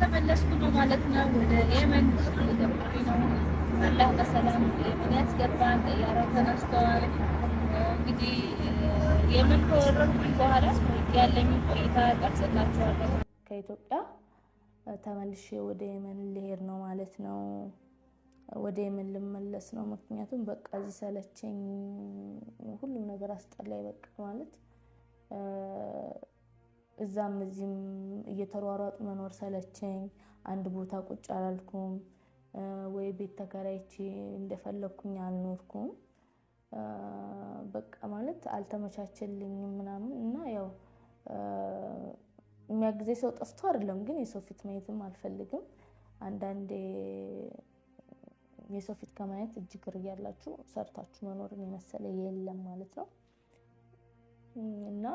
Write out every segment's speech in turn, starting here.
ተመለስኩ ነው ማለት ነው። ወደ የመን የገባኝ ነው። አላህ በሰላም የመን ያስገባን። ጠያራው ተነስተዋል። እንግዲህ የመን ከወረድኩኝ በኋላ ያለኝ ቆይታ ቀርጽላችኋለሁ። ከኢትዮጵያ ተመልሼ ወደ የመን ልሄድ ነው ማለት ነው። ወደ የመን ልመለስ ነው። ምክንያቱም በቃ እዚህ ሰለቸኝ፣ ሁሉም ነገር አስጠላይ በቃ ማለት እዛም እዚህም እየተሯሯጡ መኖር ሰለቸኝ። አንድ ቦታ ቁጭ አላልኩም ወይ ቤት ተከራይቼ እንደፈለግኩኝ አልኖርኩም። በቃ ማለት አልተመቻቸልኝም ምናምን እና ያው የሚያግዜ ሰው ጠፍቶ አይደለም፣ ግን የሰው ፊት ማየትም አልፈልግም። አንዳንዴ የሰው ፊት ከማየት እጅግ ርቅ ያላችሁ ሰርታችሁ መኖርን የመሰለ የለም ማለት ነው እና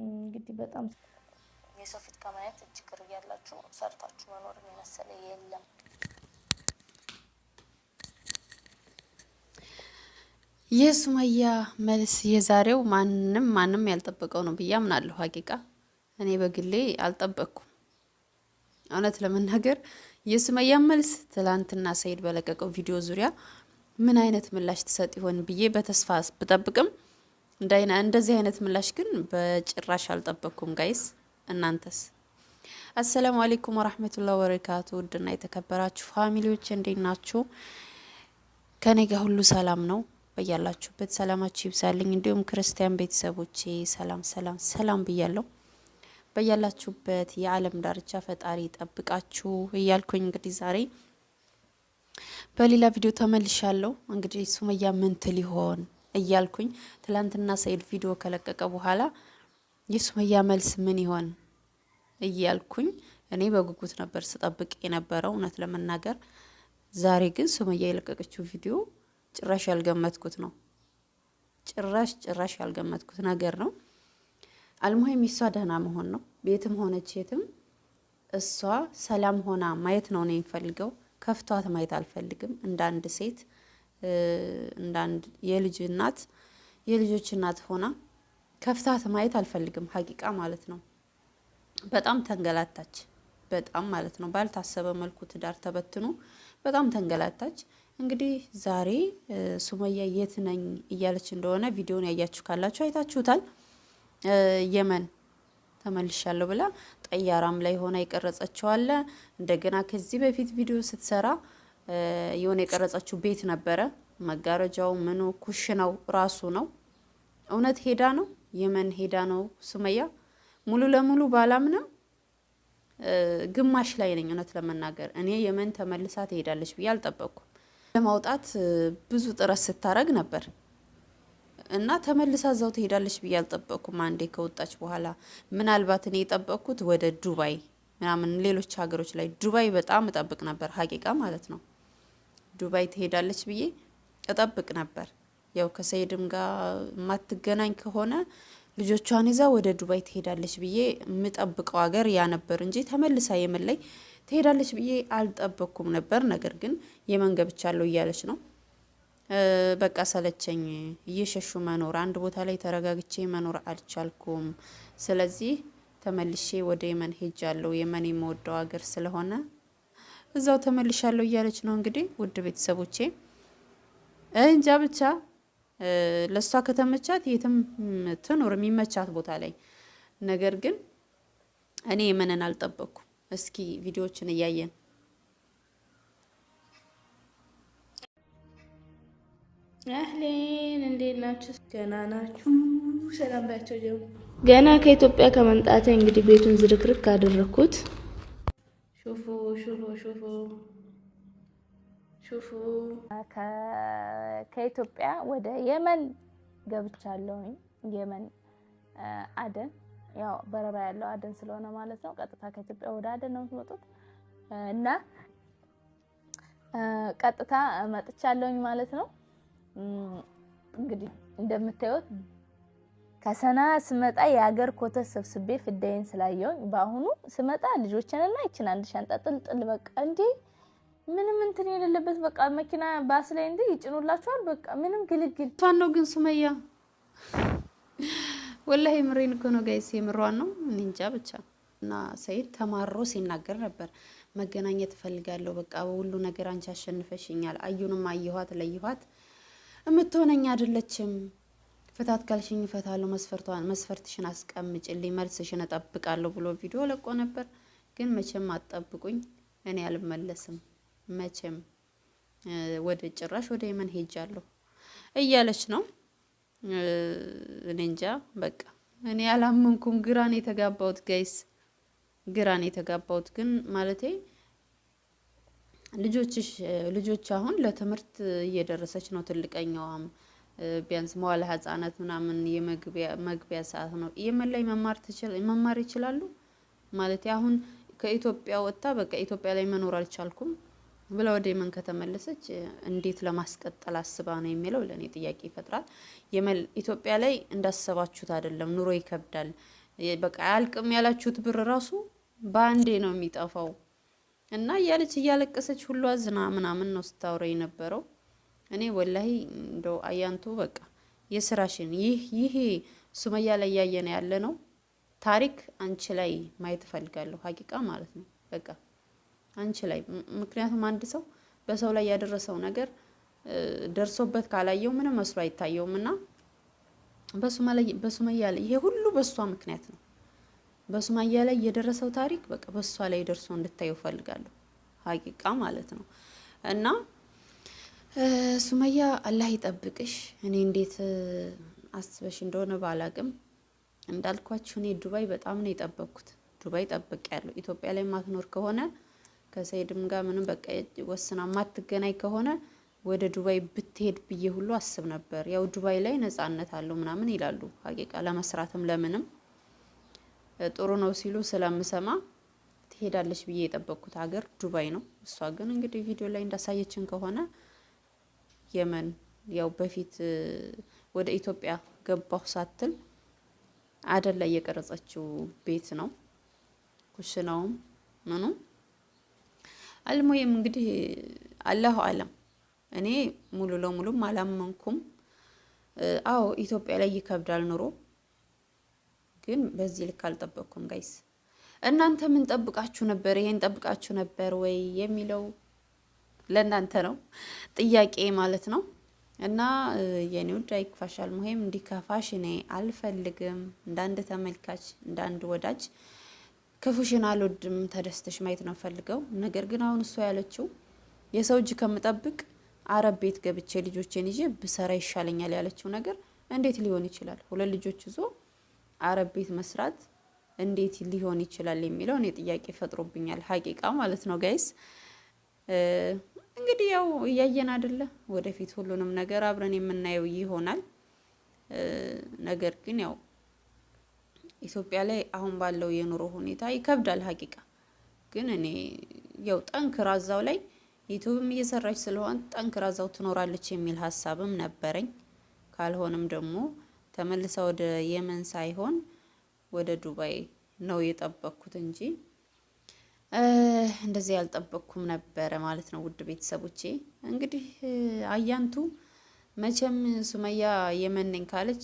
እንግዲህ በጣም የሰው ፊት ከማየት ችግር እያላችሁ ሰርታችሁ መኖር የመሰለ የለም። የሱመያ መልስ የዛሬው ማንም ማንም ያልጠበቀው ነው ብዬ አምናለሁ። ሀቂቃ እኔ በግሌ አልጠበቅኩም። እውነት ለመናገር የሱመያ መልስ ትላንትና ሰይድ በለቀቀው ቪዲዮ ዙሪያ ምን አይነት ምላሽ ትሰጥ ይሆን ብዬ በተስፋ ብጠብቅም እንደዚህ አይነት ምላሽ ግን በጭራሽ አልጠበቅኩም ጋይስ። እናንተስ? አሰላሙ አሌይኩም ወራህመቱላህ ወበረካቱ። ውድና የተከበራችሁ ፋሚሊዎች እንዴት ናችሁ? ከኔ ጋር ሁሉ ሰላም ነው። በያላችሁበት ሰላማችሁ ይብዛልኝ። እንዲሁም ክርስቲያን ቤተሰቦቼ ሰላም ሰላም ሰላም ብያለው በያላችሁበት የዓለም ዳርቻ ፈጣሪ ጠብቃችሁ እያልኩኝ እንግዲህ ዛሬ በሌላ ቪዲዮ ተመልሻለሁ። እንግዲህ ሱመያ ምን ይሆን እያልኩኝ ትላንትና ሰኢድ ቪዲዮ ከለቀቀ በኋላ የሱመያ መልስ ምን ይሆን እያልኩኝ እኔ በጉጉት ነበር ስጠብቅ የነበረው እውነት ለመናገር። ዛሬ ግን ሱመያ የለቀቀችው ቪዲዮ ጭራሽ ያልገመትኩት ነው። ጭራሽ ጭራሽ ያልገመትኩት ነገር ነው። አልሙሄም እሷ ደህና መሆን ነው። ቤትም ሆነች የትም እሷ ሰላም ሆና ማየት ነው ነው የሚፈልገው ከፍቷት ማየት አልፈልግም እንደ አንድ ሴት እንዳንድ የልጅ እናት የልጆች እናት ሆና ከፍታት ማየት አልፈልግም። ሀቂቃ ማለት ነው። በጣም ተንገላታች፣ በጣም ማለት ነው። ባልታሰበ መልኩ ትዳር ተበትኖ በጣም ተንገላታች። እንግዲህ ዛሬ ሱመያ የት ነኝ እያለች እንደሆነ ቪዲዮን ያያችሁ ካላችሁ አይታችሁታል። የመን ተመልሻለሁ ብላ ጠያራም ላይ ሆና የቀረጸችዋለ። እንደገና ከዚህ በፊት ቪዲዮ ስትሰራ የሆነ የቀረጸችው ቤት ነበረ። መጋረጃው ምኑ ኩሽናው ራሱ ነው። እውነት ሄዳ ነው የመን ሄዳ ነው ሱመያ። ሙሉ ለሙሉ ባላምንም ግማሽ ላይ ነኝ። እውነት ለመናገር እኔ የመን ተመልሳ ትሄዳለች ብዬ አልጠበቅኩም። ለማውጣት ብዙ ጥረት ስታረግ ነበር እና ተመልሳ እዛው ትሄዳለች ብዬ አልጠበቅኩም። አንዴ ከወጣች በኋላ ምናልባት እኔ የጠበቅኩት ወደ ዱባይ ምናምን ሌሎች ሀገሮች ላይ ዱባይ በጣም እጠብቅ ነበር ሀቂቃ ማለት ነው። ዱባይ ትሄዳለች ብዬ እጠብቅ ነበር። ያው ከሰይድም ጋር የማትገናኝ ከሆነ ልጆቿን ይዛ ወደ ዱባይ ትሄዳለች ብዬ የምጠብቀው ሀገር ያ ነበር እንጂ ተመልሳ የመን ላይ ትሄዳለች ብዬ አልጠበኩም ነበር። ነገር ግን የመን ገብቻለሁ እያለች ነው። በቃ ሰለቸኝ፣ እየሸሹ መኖር፣ አንድ ቦታ ላይ ተረጋግቼ መኖር አልቻልኩም። ስለዚህ ተመልሼ ወደ የመን ሄጃለሁ። የመን የምወደው ሀገር ስለሆነ እዛው ተመልሻለሁ እያለች ነው እንግዲህ ውድ ቤተሰቦቼ። እንጃ ብቻ ለእሷ ከተመቻት የትም ትኖር የሚመቻት ቦታ ላይ። ነገር ግን እኔ የመነን አልጠበቅኩ እስኪ ቪዲዮዎችን እያየን አህሌን እንዴት ናችሁ? ገና ናችሁ? ሰላም ባቸው ገና ከኢትዮጵያ ከመምጣቴ እንግዲህ ቤቱን ዝርክርክ አደረኩት። ሹፉ ሹፉ ሹፉ ሹፉ። ከኢትዮጵያ ወደ የመን ገብቻለሁ። የመን አደን፣ ያው በረራ ያለው አደን ስለሆነ ማለት ነው። ቀጥታ ከኢትዮጵያ ወደ አደን ነው የምትመጡት እና ቀጥታ መጥቻለሁኝ ማለት ነው። እንግዲህ እንደምታዩት ከሰና ስመጣ የሀገር ኮተት ሰብስቤ ፍዳይን ስላየውኝ በአሁኑ ስመጣ ልጆችንና ይችን አንድ ሻንጣ ጥልጥል በቃ እንዴ ምንም እንትን የሌለበት በቃ መኪና ባስ ላይ እንዲ ይጭኑላችኋል። በቃ ምንም ግልግል ቷን ነው። ግን ሱመያ ወላሂ የምሬን እኮ ነው ጋይስ፣ የምሯን ነው። እንጃ ብቻ እና ሰይድ ተማሮ ሲናገር ነበር። መገናኘት እፈልጋለሁ በቃ በሁሉ ነገር አንቺ አሸንፈሽኛል። አዩንም አየኋት ለይኋት፣ የምትሆነኝ አይደለችም ፍታት ካልሽኝ እፈታለሁ፣ መስፈርቷን መስፈርትሽን አስቀምጭልኝ መልስሽን እጠብቃለሁ ብሎ ቪዲዮ ለቆ ነበር። ግን መቼም አጠብቁኝ እኔ አልመለስም መቼም ወደ ጭራሽ ወደ የመን ሄጃለሁ እያለች ነው። እኔ እንጃ በቃ እኔ አላመንኩም። ግራን የተጋባሁት ጋይስ፣ ግራን የተጋባሁት ግን ማለቴ ልጆችሽ ልጆች አሁን ለትምህርት እየደረሰች ነው ትልቀኛዋም ቢያንስ መዋለ ህጻናት ምናምን የመግቢያ ሰዓት ነው። የመን ላይ መማር ይችላሉ ማለት አሁን ከኢትዮጵያ ወጥታ በቃ ኢትዮጵያ ላይ መኖር አልቻልኩም ብለ ወደ የመን ከተመለሰች እንዴት ለማስቀጠል አስባ ነው የሚለው ለእኔ ጥያቄ ይፈጥራል። የመን ኢትዮጵያ ላይ እንዳሰባችሁት አይደለም፣ ኑሮ ይከብዳል። በቃ አያልቅም ያላችሁት ብር ራሱ በአንዴ ነው የሚጠፋው እና እያለች እያለቀሰች ሁሉ አዝና ምናምን ነው ስታወራ የነበረው። እኔ ወላሂ እንደ አያንቱ በቃ የስራሽን ይህ ይህ ሱመያ ላይ እያየን ያለ ነው ታሪክ አንቺ ላይ ማየት እፈልጋለሁ። ሀቂቃ ማለት ነው በቃ አንቺ ላይ ምክንያቱም አንድ ሰው በሰው ላይ ያደረሰው ነገር ደርሶበት ካላየው ምንም መስሎ አይታየውም እና በሱመያ ላይ ይሄ ሁሉ በሷ ምክንያት ነው። በሱመያ ላይ የደረሰው ታሪክ በቃ በሷ ላይ ደርሶ እንድታየው እፈልጋለሁ ሀቂቃ ማለት ነው እና ሱመያ አላህ ይጠብቅሽ። እኔ እንዴት አስበሽ እንደሆነ ባላቅም እንዳልኳችሁ እኔ ዱባይ በጣም ነው የጠበቅኩት። ዱባይ ጠብቅ ያለው ኢትዮጵያ ላይ ማትኖር ከሆነ ከሰይድም ጋር ምንም በቃ ወስና ማትገናኝ ከሆነ ወደ ዱባይ ብትሄድ ብዬ ሁሉ አስብ ነበር። ያው ዱባይ ላይ ነጻነት አለው ምናምን ይላሉ። ሀቂቃ ለመስራትም ለምንም ጥሩ ነው ሲሉ ስለምሰማ ትሄዳለች ብዬ የጠበቅኩት ሀገር ዱባይ ነው። እሷ ግን እንግዲህ ቪዲዮ ላይ እንዳሳየችን ከሆነ የመን ያው በፊት ወደ ኢትዮጵያ ገባሁ ሳትል አደን ላይ የቀረጸችው ቤት ነው። ኩሽናውም ምኑ አልሙየም እንግዲህ አላሁ አለም። እኔ ሙሉ ለሙሉም አላመንኩም። አዎ ኢትዮጵያ ላይ ይከብዳል ኑሮ፣ ግን በዚህ ልክ አልጠበቅኩም ጋይስ። እናንተ ምን ጠብቃችሁ ነበር? ይሄን ጠብቃችሁ ነበር ወይ የሚለው ለእናንተ ነው ጥያቄ ማለት ነው። እና የኔ ውድ አይክፋሻል ሙሄም እንዲከፋሽ እኔ አልፈልግም። እንዳንድ ተመልካች እንዳንድ ወዳጅ ክፉሽን አልወድም፣ ተደስተሽ ማየት ነው ፈልገው። ነገር ግን አሁን እሷ ያለችው የሰው እጅ ከምጠብቅ አረብ ቤት ገብቼ ልጆቼን ይዤ ብሰራ ይሻለኛል ያለችው ነገር እንዴት ሊሆን ይችላል? ሁለት ልጆች ይዞ አረብ ቤት መስራት እንዴት ሊሆን ይችላል የሚለው እኔ ጥያቄ ፈጥሮብኛል። ሀቂቃ ማለት ነው ጋይስ እንግዲህ ያው እያየን አይደለ፣ ወደፊት ሁሉንም ነገር አብረን የምናየው ይሆናል። ነገር ግን ያው ኢትዮጵያ ላይ አሁን ባለው የኑሮ ሁኔታ ይከብዳል። ሀቂቃ ግን እኔ ያው ጠንክራ እዛው ላይ ዩቱብም እየሰራች ስለሆን ጠንክራ እዛው ትኖራለች የሚል ሀሳብም ነበረኝ። ካልሆንም ደግሞ ተመልሳ ወደ የመን ሳይሆን ወደ ዱባይ ነው የጠበቅኩት እንጂ እንደዚህ ያልጠበቅኩም ነበረ ማለት ነው። ውድ ቤተሰቦቼ እንግዲህ አያንቱ መቼም ሱመያ የመን ነኝ ካለች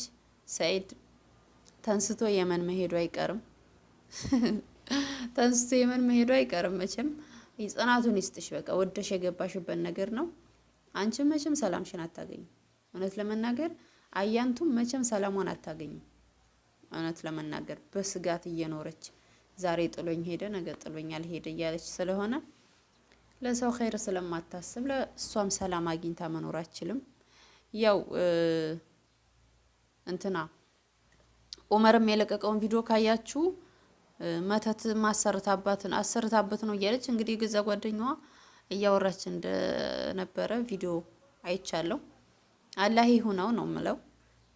ሰኢድ ተንስቶ የመን መሄዱ አይቀርም። ተንስቶ የመን መሄዱ አይቀርም። መቼም ጽናቱን ይስጥሽ። በቃ ወደሽ የገባሽበት ነገር ነው። አንቺም መቼም ሰላምሽን አታገኝም። እውነት ለመናገር አያንቱም መቼም ሰላሟን አታገኝም። እውነት ለመናገር በስጋት እየኖረች ዛሬ ጥሎኝ ሄደ፣ ነገ ጥሎኛል ሄደ እያለች ስለሆነ ለሰው ኸይር ስለማታስብ ለእሷም ሰላም አግኝታ መኖር አችልም። ያው እንትና ኡመርም የለቀቀውን ቪዲዮ ካያችሁ መተት ማሰርታባትን አሰርታበት ነው እያለች እንግዲህ ግዛ ጓደኛዋ እያወራች እንደነበረ ቪዲዮ አይቻለሁ። አላህ ይሁነው ነው ምለው።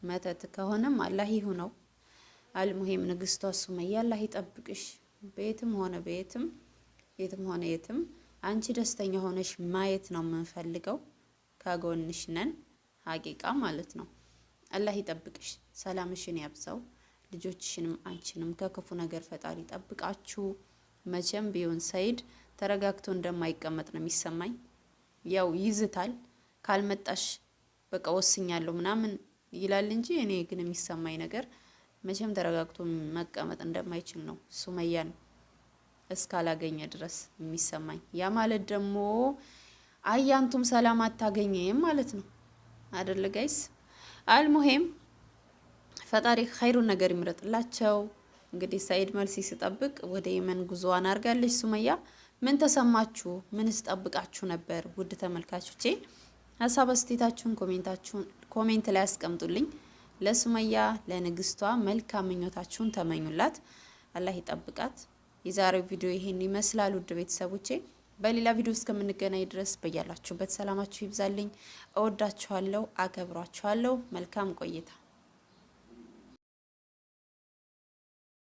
መተት ከሆነም አላህ ይሁነው። አልሙሄም ንግስቷ ሱመያ አላህ ይጠብቅሽ። ቤትም ሆነ ቤትም የትም ሆነ የትም አንቺ ደስተኛ ሆነሽ ማየት ነው የምንፈልገው። ከጎንሽ ነን ሀቂቃ ማለት ነው። አላህ ይጠብቅሽ፣ ሰላምሽን ያብዛው። ልጆችሽንም አንቺንም ከክፉ ነገር ፈጣሪ ጠብቃችሁ። መቼም ቢሆን ሰይድ ተረጋግቶ እንደማይቀመጥ ነው የሚሰማኝ። ያው ይዝታል ካልመጣሽ በቃ ወስኛለሁ ምናምን ይላል እንጂ እኔ ግን የሚሰማኝ ነገር መቼም ተረጋግቶ መቀመጥ እንደማይችል ነው ሱመያን እስካላገኘ ድረስ የሚሰማኝ። ያ ማለት ደግሞ አያንቱም ሰላም አታገኘም ማለት ነው አደለ ጋይስ? አልሙሄም ፈጣሪ ኸይሩን ነገር ይምረጥላቸው። እንግዲህ ሰኢድ መልሲ ስጠብቅ ወደ የመን ጉዞዋን አድርጋለች ሱመያ። ምን ተሰማችሁ? ምን ስጠብቃችሁ ነበር? ውድ ተመልካቾቼ ሀሳብ አስቴታችሁን ኮሜንታችሁን ኮሜንት ላይ አስቀምጡልኝ። ለሱመያ ለንግስቷ መልካም ምኞታችሁን ተመኙላት። አላህ ይጠብቃት። የዛሬው ቪዲዮ ይሄን ይመስላል። ውድ ቤተሰቦቼ በሌላ ቪዲዮ እስከምንገናኝ ድረስ በያላችሁበት ሰላማችሁ ይብዛልኝ። እወዳችኋለሁ፣ አከብሯችኋለሁ። መልካም ቆይታ